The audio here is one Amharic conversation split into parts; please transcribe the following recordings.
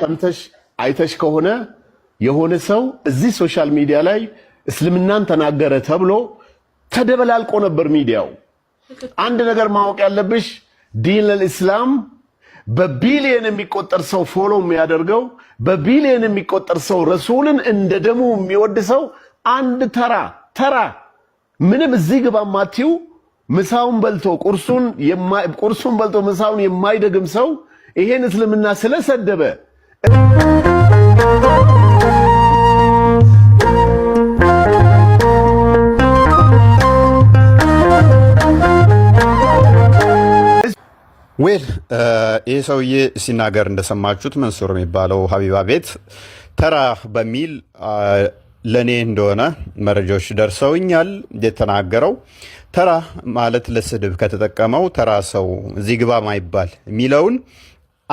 ሰምተሽ አይተሽ ከሆነ የሆነ ሰው እዚህ ሶሻል ሚዲያ ላይ እስልምናን ተናገረ ተብሎ ተደበላልቆ ነበር ሚዲያው። አንድ ነገር ማወቅ ያለብሽ ዲን ልእስላም በቢሊየን የሚቆጠር ሰው ፎሎ የሚያደርገው በቢሊየን የሚቆጠር ሰው ረሱልን እንደ ደሙ የሚወድ ሰው አንድ ተራ ተራ ምንም እዚህ ግባ ማቲው ምሳውን በልቶ ቁርሱን ቁርሱን በልቶ ምሳውን የማይደግም ሰው ይሄን እስልምና ስለሰደበ ዌል ይህ ሰውዬ ሲናገር እንደሰማችሁት መንሱር የሚባለው ሀቢባ ቤት ተራ በሚል ለእኔ እንደሆነ መረጃዎች ደርሰውኛል። የተናገረው ተራ ማለት ለስድብ ከተጠቀመው ተራ ሰው እዚህ ግባ ማይባል የሚለውን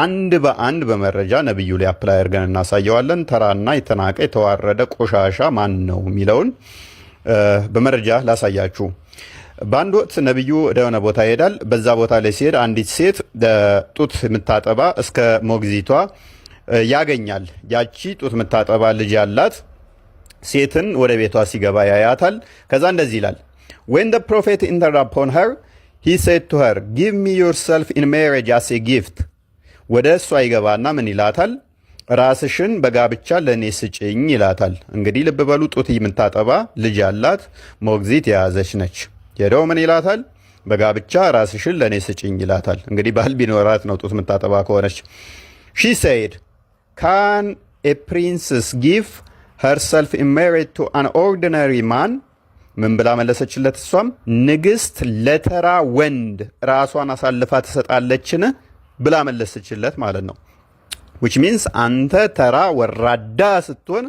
አንድ በአንድ በመረጃ ነቢዩ ላይ አፕላይ አድርገን እናሳየዋለን። ተራና የተናቀ የተዋረደ ቆሻሻ ማን ነው የሚለውን በመረጃ ላሳያችሁ። በአንድ ወቅት ነቢዩ ሆነ ቦታ ይሄዳል። በዛ ቦታ ላይ ሲሄድ አንዲት ሴት ጡት የምታጠባ እስከ ሞግዚቷ ያገኛል። ያቺ ጡት የምታጠባ ልጅ ያላት ሴትን ወደ ቤቷ ሲገባ ያያታል። ከዛ እንደዚህ ይላል ዌን ፕሮፌት ኢንተር ፖን ሄር ሂ ሴድ ቱ ሄር ጊቭ ሚ ዮርሰልፍ ኢን ሜሬጅ አስ ኤ ጊፍት ወደ እሷ ይገባና ምን ይላታል? ራስሽን በጋብቻ ለእኔ ስጭኝ ይላታል። እንግዲህ ልብ በሉ፣ ጡት የምታጠባ ልጅ ያላት ሞግዚት የያዘች ነች። ሄደው ምን ይላታል? በጋብቻ ራስሽን ለእኔ ስጭኝ ይላታል። እንግዲህ ባል ቢኖራት ነው ጡት የምታጠባ ከሆነች። ሺ ሰይድ ካን ኤ ፕሪንስስ ጊቭ ሄርሰልፍ ኢን ሜሪት ቱ አን ኦርዲናሪ ማን ምን ብላ መለሰችለት? እሷም ንግስት ለተራ ወንድ ራሷን አሳልፋ ትሰጣለችን? ብላ መለሰችለት ማለት ነው። ዊች ሚንስ አንተ ተራ ወራዳ ስትሆን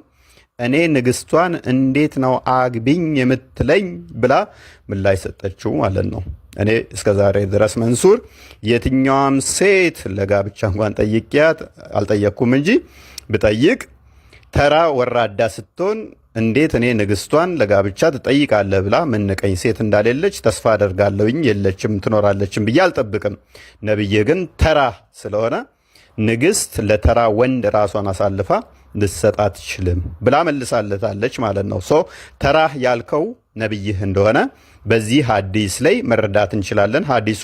እኔ ንግስቷን እንዴት ነው አግቢኝ የምትለኝ ብላ ምላሽ ሰጠችው ማለት ነው። እኔ እስከ ዛሬ ድረስ መንሱር የትኛዋም ሴት ለጋብቻ እንኳን ጠይቂያት አልጠየቅኩም እንጂ ብጠይቅ ተራ ወራዳ ስትሆን እንዴት እኔ ንግስቷን ለጋብቻ ትጠይቃለህ ብላ ምንቀኝ ሴት እንዳሌለች ተስፋ አደርጋለሁኝ። የለችም ትኖራለችም ብዬ አልጠብቅም። ነብይህ ግን ተራ ስለሆነ ንግስት ለተራ ወንድ ራሷን አሳልፋ ልትሰጥ አትችልም ብላ መልሳለታለች ማለት ነው። ሶ ተራህ ያልከው ነብይህ እንደሆነ በዚህ ሀዲስ ላይ መረዳት እንችላለን። ሀዲሱ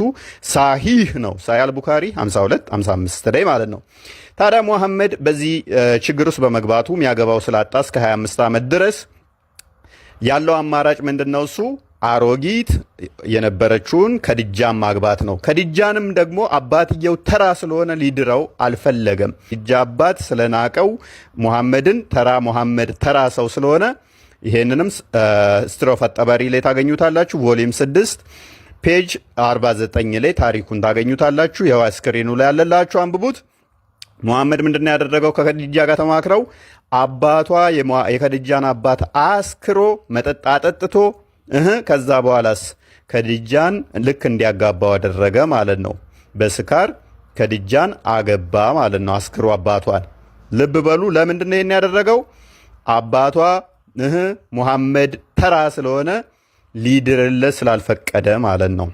ሳሂህ ነው። ሳሂህ አልቡካሪ 52 55 ላይ ማለት ነው። ታዲያ ሙሐመድ በዚህ ችግር ውስጥ በመግባቱ የሚያገባው ስላጣ እስከ 25 ዓመት ድረስ ያለው አማራጭ ምንድን ነው? እሱ አሮጊት የነበረችውን ከድጃን ማግባት ነው። ከድጃንም ደግሞ አባትየው ተራ ስለሆነ ሊድረው አልፈለገም። ድጃ አባት ስለናቀው ሙሐመድን ተራ ሙሐመድ ተራ ሰው ስለሆነ ይሄንንም ስትሮፍ አጠባሪ ላይ ታገኙታላችሁ። ቮሊም 6 ፔጅ 49 ላይ ታሪኩን ታገኙታላችሁ። የዋ ስክሪኑ ላይ ያለላችሁ አንብቡት። ሙሐመድ ምንድን ነው ያደረገው? ከከድጃ ጋር ተማክረው አባቷ የከድጃን አባት አስክሮ መጠጥ አጠጥቶ እህ ከዛ በኋላስ ከድጃን ልክ እንዲያጋባው አደረገ ማለት ነው። በስካር ከድጃን አገባ ማለት ነው። አስክሮ አባቷን ልብ በሉ። ለምንድን ነው ይህን ያደረገው? አባቷ ሙሐመድ ተራ ስለሆነ ሊድርለ ስላልፈቀደ ማለት ነው።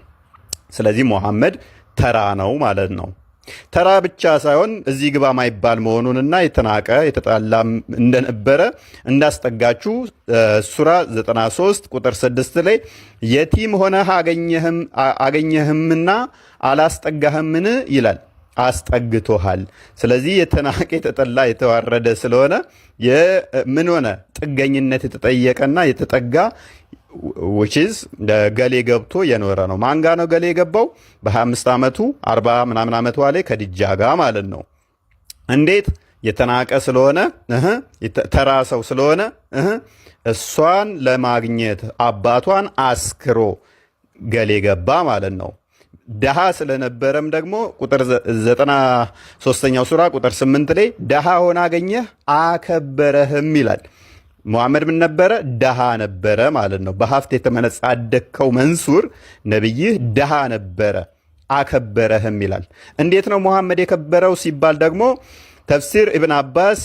ስለዚህ ሙሐመድ ተራ ነው ማለት ነው። ተራ ብቻ ሳይሆን እዚህ ግባ ማይባል መሆኑንና የተናቀ የተጣላ እንደነበረ እንዳስጠጋችሁ ሱራ 93 ቁጥር 6 ላይ የቲም ሆነህ አገኘህምና አላስጠጋህምን ይላል። አስጠግቶሃል። ስለዚህ የተናቀ የተጠላ የተዋረደ ስለሆነ ምን ሆነ? ጥገኝነት የተጠየቀና የተጠጋ ዊችዝ ገሌ ገብቶ የኖረ ነው። ማንጋ ነው ገሌ የገባው? በ25 ዓመቱ 40 ምናምን ዓመቱ ላይ ከድጃ ጋ ማለት ነው። እንዴት የተናቀ ስለሆነ ተራ ሰው ስለሆነ እሷን ለማግኘት አባቷን አስክሮ ገሌ ገባ ማለት ነው። ደሃ ስለነበረም ደግሞ ቁጥር ዘጠና ሶስተኛው ሱራ ቁጥር ስምንት ላይ ደሃ ሆነ አገኘህ አከበረህም ይላል። ሙሐመድ ምን ነበረ? ደሃ ነበረ ማለት ነው። በሀፍት የተመነጻደከው መንሱር ነቢይህ ደሃ ነበረ አከበረህም ይላል። እንዴት ነው ሙሐመድ የከበረው ሲባል ደግሞ ተፍሲር ኢብን አባስ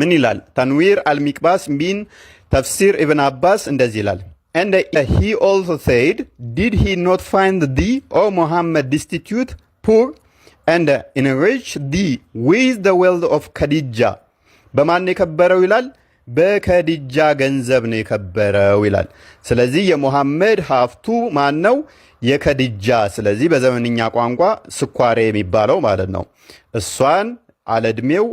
ምን ይላል? ተንዊር አልሚቅባስ ሚን ተፍሲር ኢብን አባስ እንደዚህ ይላል And he also said, Did he not find thee, O Muhammad, destitute, poor, and enrich thee with the wealth of Khadija? በማን የከበረው ይላል? በከዲጃ ገንዘብ ነው የከበረው ይላል። ስለዚህ የሙሐመድ ሀፍቱ ማን ነው? የከዲጃ ስለዚህ በዘመንኛ ቋንቋ ስኳሬ የሚባለው ማለት ነው። እሷን አለድሜው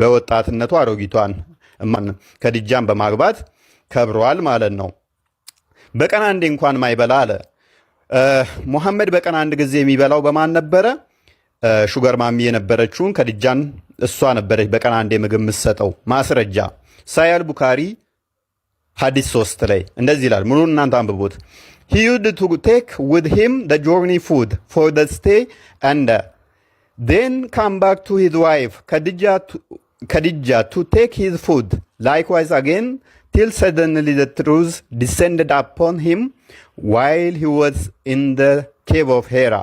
በወጣትነቱ አሮጊቷን ከዲጃን በማግባት ከብሯል ማለት ነው። በቀን አንዴ እንኳን ማይበላ አለ። ሙሐመድ በቀን አንድ ጊዜ የሚበላው በማን ነበረ? ሹገር ማሚ የነበረችውን ከድጃን እሷ ነበረች በቀን አንዴ ምግብ የምትሰጠው። ማስረጃ ሳያል ቡካሪ ሀዲስ ሶስት ላይ እንደዚህ ይላል። ሙሉ እናንተ አንብቡት። ሂ ዩድ ቱ ቴክ ውድ ሂም ደ ጆርኒ ፉድ ፎር ደ ስቴ እንደ ዴን ካም ባክ ቱ ሂዝ ዋይፍ ከድጃ ቱ ቴክ ሂዝ ፉድ ላይክዋይዝ አጌን till suddenly the truth descended upon him while he was in the cave of Hera.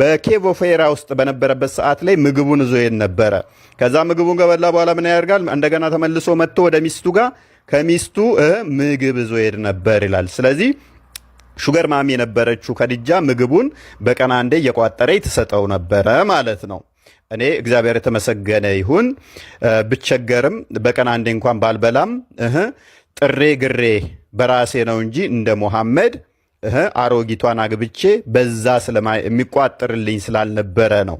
በኬቭ ኦፍ ሄራ ውስጥ በነበረበት ሰዓት ላይ ምግቡን ይዞ ሄድ ነበረ። ከዛ ምግቡን ከበላ በኋላ ምን ያደርጋል? እንደገና ተመልሶ መጥቶ ወደ ሚስቱ ጋር ከሚስቱ ምግብ ይዞ ሄድ ነበር ይላል። ስለዚህ ሹገር ማሚ የነበረችው ከድጃ ምግቡን በቀን አንዴ እየቋጠረ ትሰጠው ነበረ ማለት ነው። እኔ እግዚአብሔር የተመሰገነ ይሁን ብቸገርም በቀን አንዴ እንኳን ባልበላም ጥሬ ግሬ በራሴ ነው እንጂ እንደ ሙሐመድ አሮጊቷን አግብቼ በዛ የሚቋጥርልኝ ስላልነበረ ነው።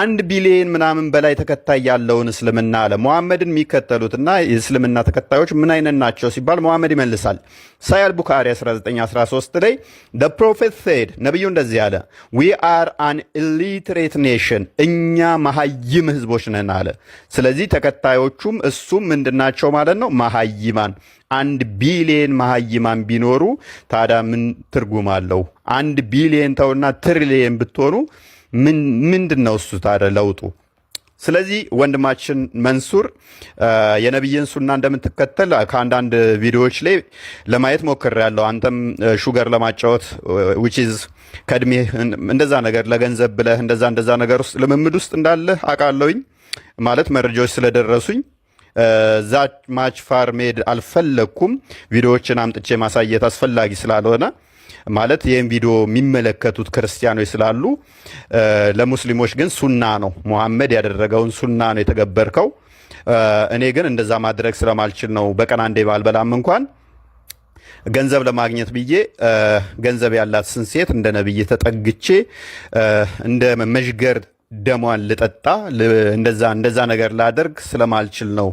አንድ ቢሊየን ምናምን በላይ ተከታይ ያለውን እስልምና አለ መሐመድን የሚከተሉትና የእስልምና ተከታዮች ምን አይነት ናቸው ሲባል መሐመድ ይመልሳል። ሳያል ቡካሪ 1913 ላይ ደ ፕሮፌት ሴድ ነቢዩ እንደዚህ አለ ዊ አር አን ኢሊትሬት ኔሽን እኛ መሀይም ህዝቦች ነን አለ። ስለዚህ ተከታዮቹም እሱም ምንድናቸው ማለት ነው መሀይማን። አንድ ቢሊየን መሀይማን ቢኖሩ ታዲያ ምን ትርጉም አለው? አንድ ቢሊየን ተውና ትሪሊየን ብትሆኑ ምንድን ነው እሱ ታዲያ ለውጡ? ስለዚህ ወንድማችን መንሱር የነቢይን ሱና እንደምትከተል ከአንዳንድ ቪዲዮዎች ላይ ለማየት ያለው አንተም ሹገር ለማጫወት ዊችዝ ከእድሜህ እንደዛ ነገር ለገንዘብ ብለህ እንደዛ እንደዛ ነገር ውስጥ ልምምድ ውስጥ እንዳለህ አውቃለሁኝ። ማለት መረጃዎች ስለደረሱኝ ዛ ማች ፋር መሄድ አልፈለግኩም። ቪዲዮዎችን አምጥቼ ማሳየት አስፈላጊ ስላልሆነ ማለት ይህም ቪዲዮ የሚመለከቱት ክርስቲያኖች ስላሉ ለሙስሊሞች ግን ሱና ነው፣ ሙሐመድ ያደረገውን ሱና ነው የተገበርከው። እኔ ግን እንደዛ ማድረግ ስለማልችል ነው በቀን አንዴ ባልበላም እንኳን ገንዘብ ለማግኘት ብዬ ገንዘብ ያላት ስን ሴት እንደ ነብይ ተጠግቼ እንደ መዥገር ደሟን ልጠጣ እንደዛ እንደዛ ነገር ላደርግ ስለማልችል ነው